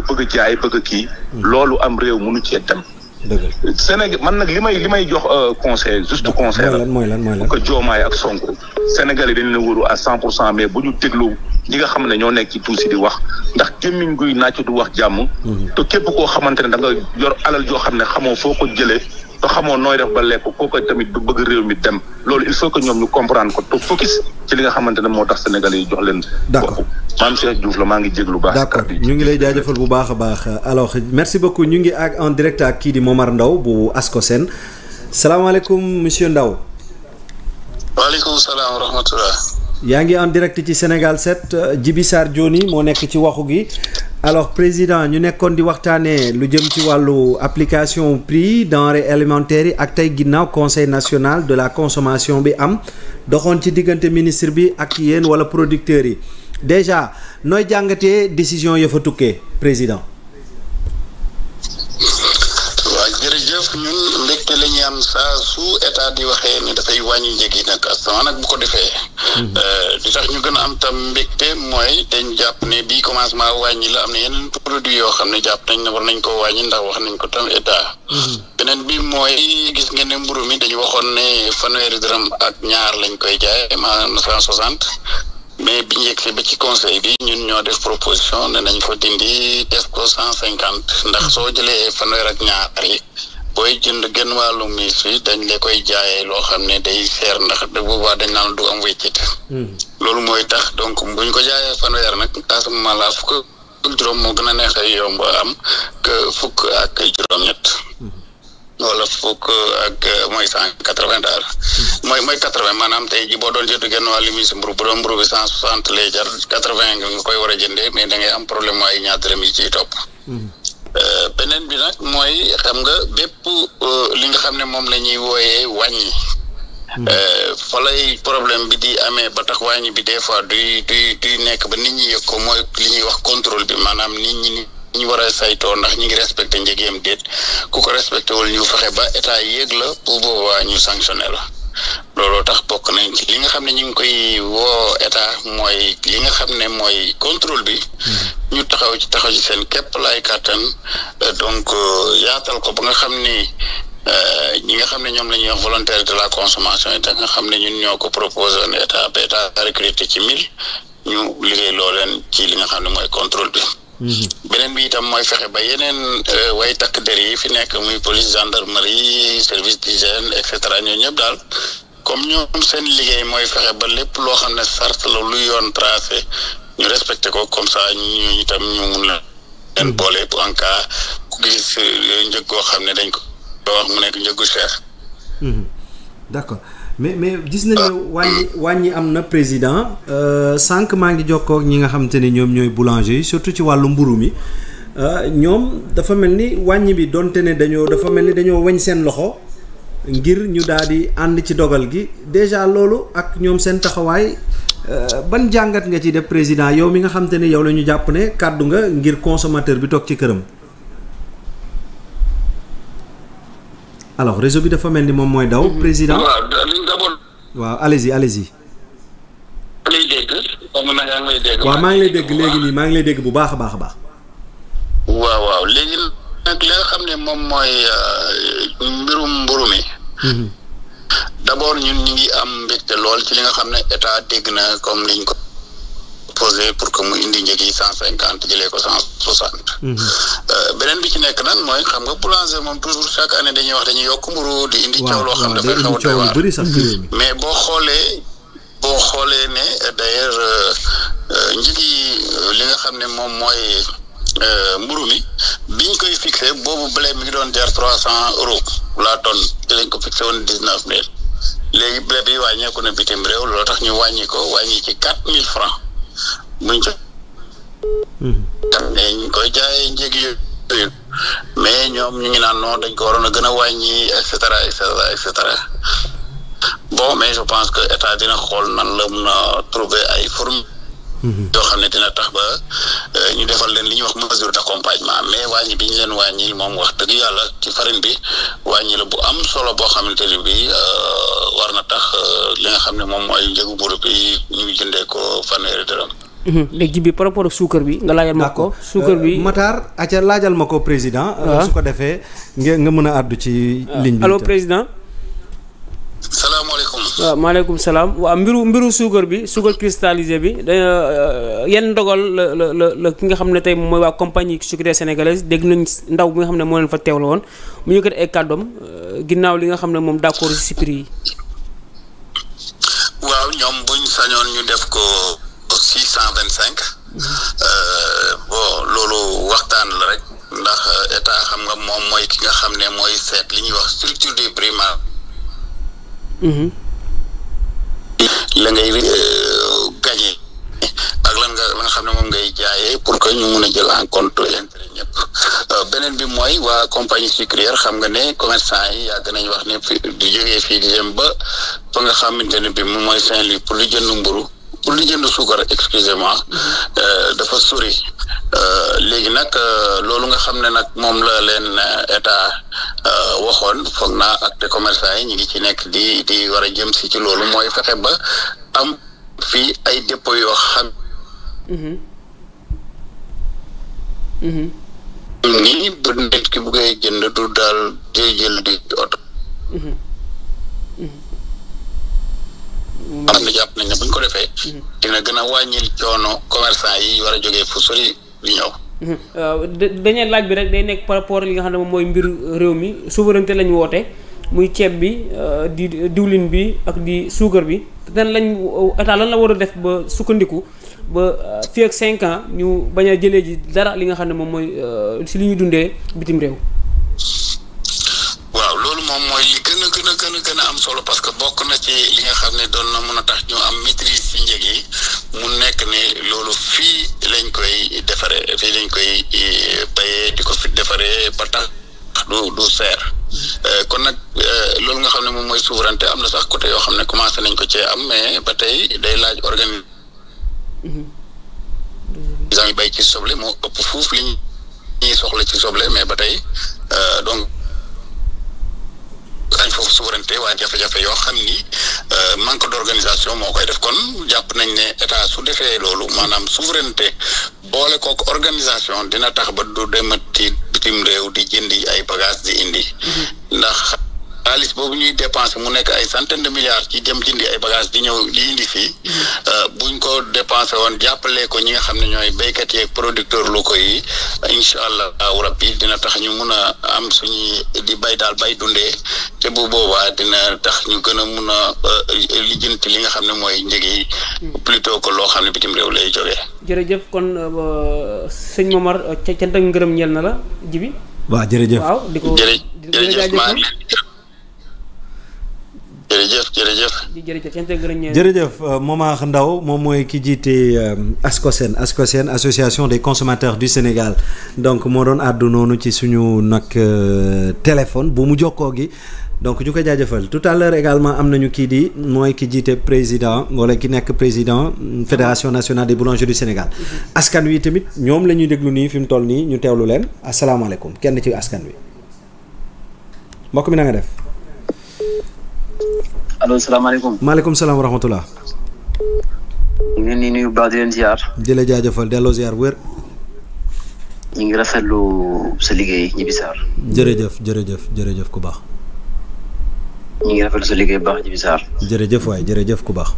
bëgg jaay bëgg kii. Hmm. loolu am réew mënu cee dem. Sénégal man nag li may li may jox euh, conseil juste conseil la mooy lan mooy lan ko ak Sonko Sénégal yi dañ la wóoru à cent pour cent mais bu ñu déglu ñi nga xam ne ñoo nekk ci tuuti di wax ndax gémmiñ guy naaj du wax jàmm. Hmm. te képp koo xamante ne da nga yor alal joo xam ne xamoo foo ko jëlee. te xamoo nooy def ba lekk kooku tamit du bëgg réew mi dem loolu il faut que ñoom ñu comprendre ko te focus ci li nga xamante ne moo tax sénégalais yi jox leen. d'accord maam Cheikh Diouf la maa ngi jéglu baax. d'accord ñu ngi lay jaajëfal bu baax a baax alors merci beaucoup ñu ngi ak en direct ak kii di Momar Ndao bu Ascosen salaamaaleykum monsieur ndaw waaleykum salaam wa yaa ngi en direct ci Sénégal 7 Djibi Sarr Dioni moo nekk ci waxu gi alors président ñu nekkoon di waxtaanee lu jëm ci wàllu application prix yi denrées alimentaires yi ak tey ginnaaw conseil national de la consommation bi am doxoon ci diggante ministre bi ak yéen wala producteurs yi déjà nooy jàngatee décision ya fa tukkee président. la ñuy saa su état di waxee ne dafay wàññi njëg yi nag asama nag bu ko defee. Mhm. Euh, di tax ñu gën a am tam mbégte mooy dañ jàpp ne bii commencement wàññi la am na yen produit yoo xam ne jàpp nañ ne nañ ko wàññi ndax wax nañ ko tam état. Mhm. beneen bi mooy gis ngeen ne mburu mi dañu waxoon ne fanweeri dërëm ak ñaar lañ koy jaay maanaam cent soixante. mais bi ñu yegsee ba ci conseil bi ñun ñoo def proposition ne nañ ko dindi def ko cent cinquante ndax soo jëlee fanweer ak ñaar booy jënd genn wàllu miis bi dañ la koy jaayee loo xam ne day seer ndax de boobaa dañ naan du am wéccit hmm. loolu mooy tax donc buñ ko jaayee fanweer nag asama la fukk ak juróom moo gën a neex a yomb am que fukk ak juróom-ñett hmm. wala fukk ak euh, mooy cent quatre vingt daal hmm. mooy mooy quatre vingt maanaam tey ji boo doon jënd genn wàllu miis mburu bu doon mburu bi cent soixante lay quatre vingt nga koy war a jëndee mais da ngay am problème ay ñaar dërëm yi ciy Euh, beneen bi nag mooy xam nga bépp euh, li nga xam ne moom la ñuy wooyee wàññi. Hmm. Euh, fa lay problème bi di amee ba tax wàññi bi des fois duy duy duy nekk ba nit ñi yëg ko mooy li ñuy wax contrôle bi maanaam nit ñi. ñu war a saytoo ndax ñu ngi respecté njegeem déet ku ko respecté wul ñu fexe ba état yéeg la pour boobaa ñu sanctionné la looloo tax bokk nañ li nga xam ne ñu ngi koy woo état mooy li nga xam ne mooy contrôle bi hmm. ñu taxaw ci taxaw ci seen képp laay kàttan euh, donc euh, yaatal ko ba nga xam ni euh, ñi nga xam ne ñoom lañu ñuy wax volontaire de la consommation itam nga xam ne ñu ñoo ko proposé woon état ba ci mille ñu liggéey loo leen ci li nga xam ne mooy contrôle bi. Mhm. beneen bi tam mooy fexe ba yeneen way takk der yi fi nekk muy police gendarmerie service di et cetera ñoo ñëpp daal comme ñoom seen liggéey mooy fexe ba lépp loo xam ne sart la lu yoon tracé ñu respecté ko comme ça ñu itam ñu mun la leen mm. boole pour en ku gis euh, njëg goo xam ne dañ ko ba wax mu nekk njëgu cher. Mm-hmm. d'accord mais mais gis nañu ah. wàññi wàññi am na président euh, sànq maa ngi jox ak ñi nga xamante ne ñoom ñooy boulanger yi surtout ci wàllu mburu mi euh, ñoom dafa mel ni wàññi bi donte ne dañoo dafa mel ni dañoo weñ seen loxo ngir ñu daal di ànd ci dogal gi déjà loolu ak ñoom seen taxawaay Euh, ban jàngat nga ci def président yow mi nga xam te ne yow la jàpp ne kàddu nga ngir consomateur bi toog ci këram. alors réseau bi dafa mel ni moom mooy daw. Mhm. président waaw d'abord. waaw allez-y allez-y. lay dégg. waaw maa ngi lay dégg léegi nii maa ngi lay dégg bu baax a baax a baax. waaw waaw léegi nag la xam ne moom mooy euh, mbirum mburu mi. Mhm. d'abord ñun ñu ngi am mbégte lool ci li nga xam ne état dégg na comme liñ ko posé pour que mu indi njëg yi cent cinquante jëlee ko cent soixante mhm. euh, beneen bi ci nekk nan mooy xam nga boulanger moom toujours chaque année dañuy wax dañuy yokk mburu di indi coow loo xam dafay xaw a waar mais boo xoolee boo xoolee ne d'ailleurs euh, euh, njëg yi li nga xam ne moom mooy mburu mi biñ koy fixé boobu blé mi ngi doon jar trois cent euros la tonne ci lañ ko fixé woon dix neuf mille léegi blé bi wàññeeku na bitim réew loo tax ñu wàññi ko wàññi ci quatre mille francs buñ ci mais ñu koy jaayee njëg yooyu mais ñoom ñu ngi naan non dañ ko waroon a gën a wàññi et cetera et cetera et cetera bon mais je pense que état dina xool nan la mun a trouver ay forme yoo xam ne dina tax ba euh, ñu defal leen li ñu wax mesure d'accompagnement mais wàññi bi ñu leen wàññi moom wax dëgg yàlla ci farine bi wàññi la bu am solo boo xamante ne bi euh, war na tax euh, li nga xam ne moom mooy njëgu mburu bi ñu jëndee ko fanweeri dërëm mhm. léegi bi par rapport ak suukar bi nga laajal ma ko suukar bi Matar aca laajal ma ko président ah. su ko defee nga nga mën a àddu ci ah. ligne bi allo président salaam waaw maaleykum salaam waaw mbiru mbiru suukar bi suukar cristallisé bi da euh, yan ndogal la la la ki nga xam ne tey mooy waa compagnie sucrière sénégalaise dégg nañ ndaw bi nga xam ne moo leen fa teewlu mu yëkkati ay kàddoom euh, ginnaaw li nga xam ne moom d'accord ci prix yi. waaw ñoom buñ ñu def ko 625. Mhm. Euh, bon loolu waxtaan xam nga moom mooy ki nga xam ne mooy seet li ñuy wax structure des prix mm la ngay euh, gagné ak lan nga la nga xam ne moom ngay jaayee pour que ñu mun a jël en compte intérêt ñëpp euh, beneen bi mooy waa compagnie sucrière xam nga ne commerçant yi yàgg nañ wax ne di jógee fii di ba ba nga xamante ne bi moom mooy Saint-Louis pour lu jënd mburu pour lu jënd suukar excusez-moi euh, dafa sori léegi nag loolu nga xam ne nag moom la leen état Euh, waxoon foog naa ak commerçant yi ñu ngi ci nekk di di war a jëm si ci loolu mooy fexe ba am fii ay dépôt yoo xam mm-hmm. mm-hmm. nii bu nit ki buggee jënd du daal di jël di oto mm-hmm. am na jàpp nañ ne buñ ko defee dina gën a wàññil coono commercant yi war a jógee fu sori di ñëw Euh, dañuy laaj bi rek day nekk par rapport li nga xam ne moom mooy mbir réew mi souveraineté lañu woote muy ceeb bi euh, di diwlin bi ak di suukar bi dan lañu état lan la war a def ba sukkandiku ba euh, fii ak 5 ñu bañ a jëlee ji dara li nga xam ne moom mooy si li ñuy dundee bitim réew. waaw loolu moom mooy li gën a gën a gën a gën a am solo parce que bokk na ci li nga xam ne doon na mën a tax ñu am maîtrise ci njëg yi mu nekk ne loolu fii lañ koy koy eh, bayee di ko fit defaree ba tax du du seer eh, kon nag eh, loolu nga xam ne moom mooy souveranté am na sax côté yoo xam ne commencé nañ ko cee am mais ba tey day laaj organi disant bay ci soble moo ëpp fuuf li ñuy soxla ci soble mais ba tey donc añ foofu souveraineté waa jafe-jafe yoo xam ni Euh, manque d' organisation moo koy def kon jàpp nañ ne état su defee loolu maanaam souveraineté boole kook organisation dina tax ba du demati bitim réew di jëndi ay bagages di indi mm-hmm. ndax xaalis boobu ñuy dépenser mu nekk ay centaine de milliards ci jëm jëndi ay bagages di ñëw lii indi fii euh, buñ ko dépensé woon jàppalee ko ñi nga xam ne ñooy béykat yeeg producteurs locaux yi incha allah rabbi dina tax ñu mun a am suñuy di bay daal bay dundee te bu boobaa dina tax ñu gën a mun a euh, lijjanti li nga xam ne mooy njëg yi plutôt ko loo xam ne bitim réew lay jógee. jërëjëf kon euh, sëñ Momar ca ca ngërëm ñeel na la jibi waaw jërëjëf waaw di ko jërëjëf maa jërëjëf jërëjëf. jërëjëf euh, Momar Ndao moom mooy ki jiite ASCOSEN euh, ASCOSEN association des consommateurs du Sénégal donc moo doon àddu noonu ci suñu nag euh, téléphone bu mu jokkoo gi donc ñu ko jaajëfal tout à l'heure également am nañu kii di mooy ki jiite président wala ki nekk président fédération nationale des boulangers du Sénégal mm-hmm. askan wi tamit ñoom la ñuy déglu nii fi mu toll nii ñu teewlu leen asalaamaaleykum kenn ci askan wi mbokk mi na def. allo salaamaaleykum. maaleykum salaam wa ngeen ñu ngi nuyu bu baax di leen ziar. di la jaajëfal delloo ziar wér. ñu ngi rafetlu sa liggéey Djiby Sarr. jërëjëf jërëjëf jërëjëf ku baax. ñu ngi rafetlu sa liggéey bu baax Djiby Sarr. jërëjëf waay jërëjëf ku baax.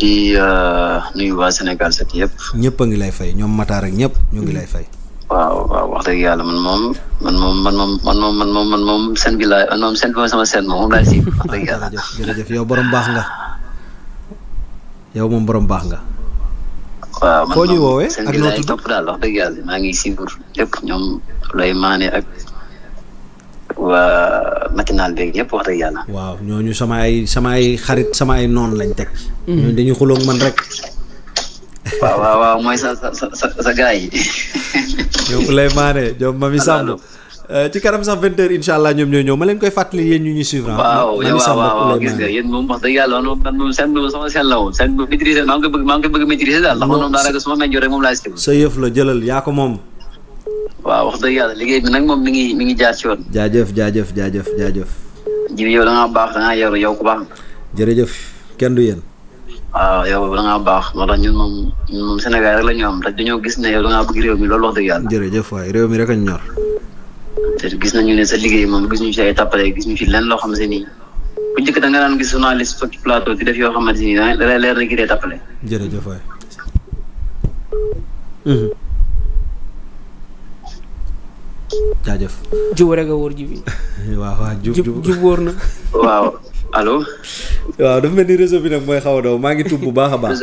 di euh, nuyu waa Sénégal set yëpp. ñëpp a ngi lay fay ñoom Matar ak ñëpp ñu ngi lay fay. waaw waaw. wax dëgg yàlla man moom man moom man moom man moom man moom man moom seen bi laa man moom seen bi moom sama seen moom moom laay si wax dëgg yàlla. jërëjëf yow borom baax nga yow moom borom baax nga. waaw man moom seen bi laay topp daal wax dëgg yàlla maa ngi siiwul lépp ñoom lay maane ak. waa matinal beeg yëpp wax dëgg yàlla. waaw ñooñu sama ay sama ay xarit sama ay noon lañ teg. Mm-hmm. ñooñu dañuy xuloo man rek. waaw waaw mooy sa sa sa sa yi. ñoom Ulay Mané ñoom Mami Samb. Eh, ci kanam sax vingt heures incha allah ñoom ñooy ñëw ma leen koy fàttali yéen ñu ñuy suivre. Ah. waaw waaw waaw gis nga yéen moom wax dëgg yàlla man moom seen sama seen la woon seen maîtriser maa ngi ko bëgg maa ngi waaw wax dëgg yàlla liggéey bi nag moom mi ngi mi ngi jaar ci yoon. jaajëf jaajëf jaajëf jaajëf. jiw yow da baax da ngaa yaru yow ku baax. jërëjëf kenn du yéen waaw yow da ngaa baax moo tax ñun moom ñun moom Sénégal rek la ñu am te dañoo gis ne yow da ngaa réew mi loolu wax dëgg yàlla. jërëjëf waay réew mi rek a ñor. te gis nañu ne sa liggéey moom gis ñu ci ay tappale gis ñu ci lenn loo xam ne nii bu njëkk da nga daan gis journaliste foog plateau di def yoo xamante ni da ngay leer na kii day tappale. jërëjëf waay. Mhm. jaajëf. jub rek a wóor ji waaw waaw. allo. waaw dafa mel ni réseau bi nag mooy xaw a maa ngi tuub bu baax a baax.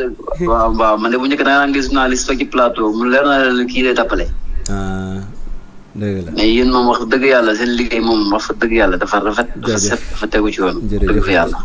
waaw waaw man ne bu njëkk da ngaa gis journaliste fekk ci plateau mu leer na la kii lay tappale. Ah, dëgg la mais yéen moom wax dëgg yàlla seen liggéey moom wax dëgg yàlla dafa rafet. dafa set dafa tegu ci yoon. dëgg fa yàlla.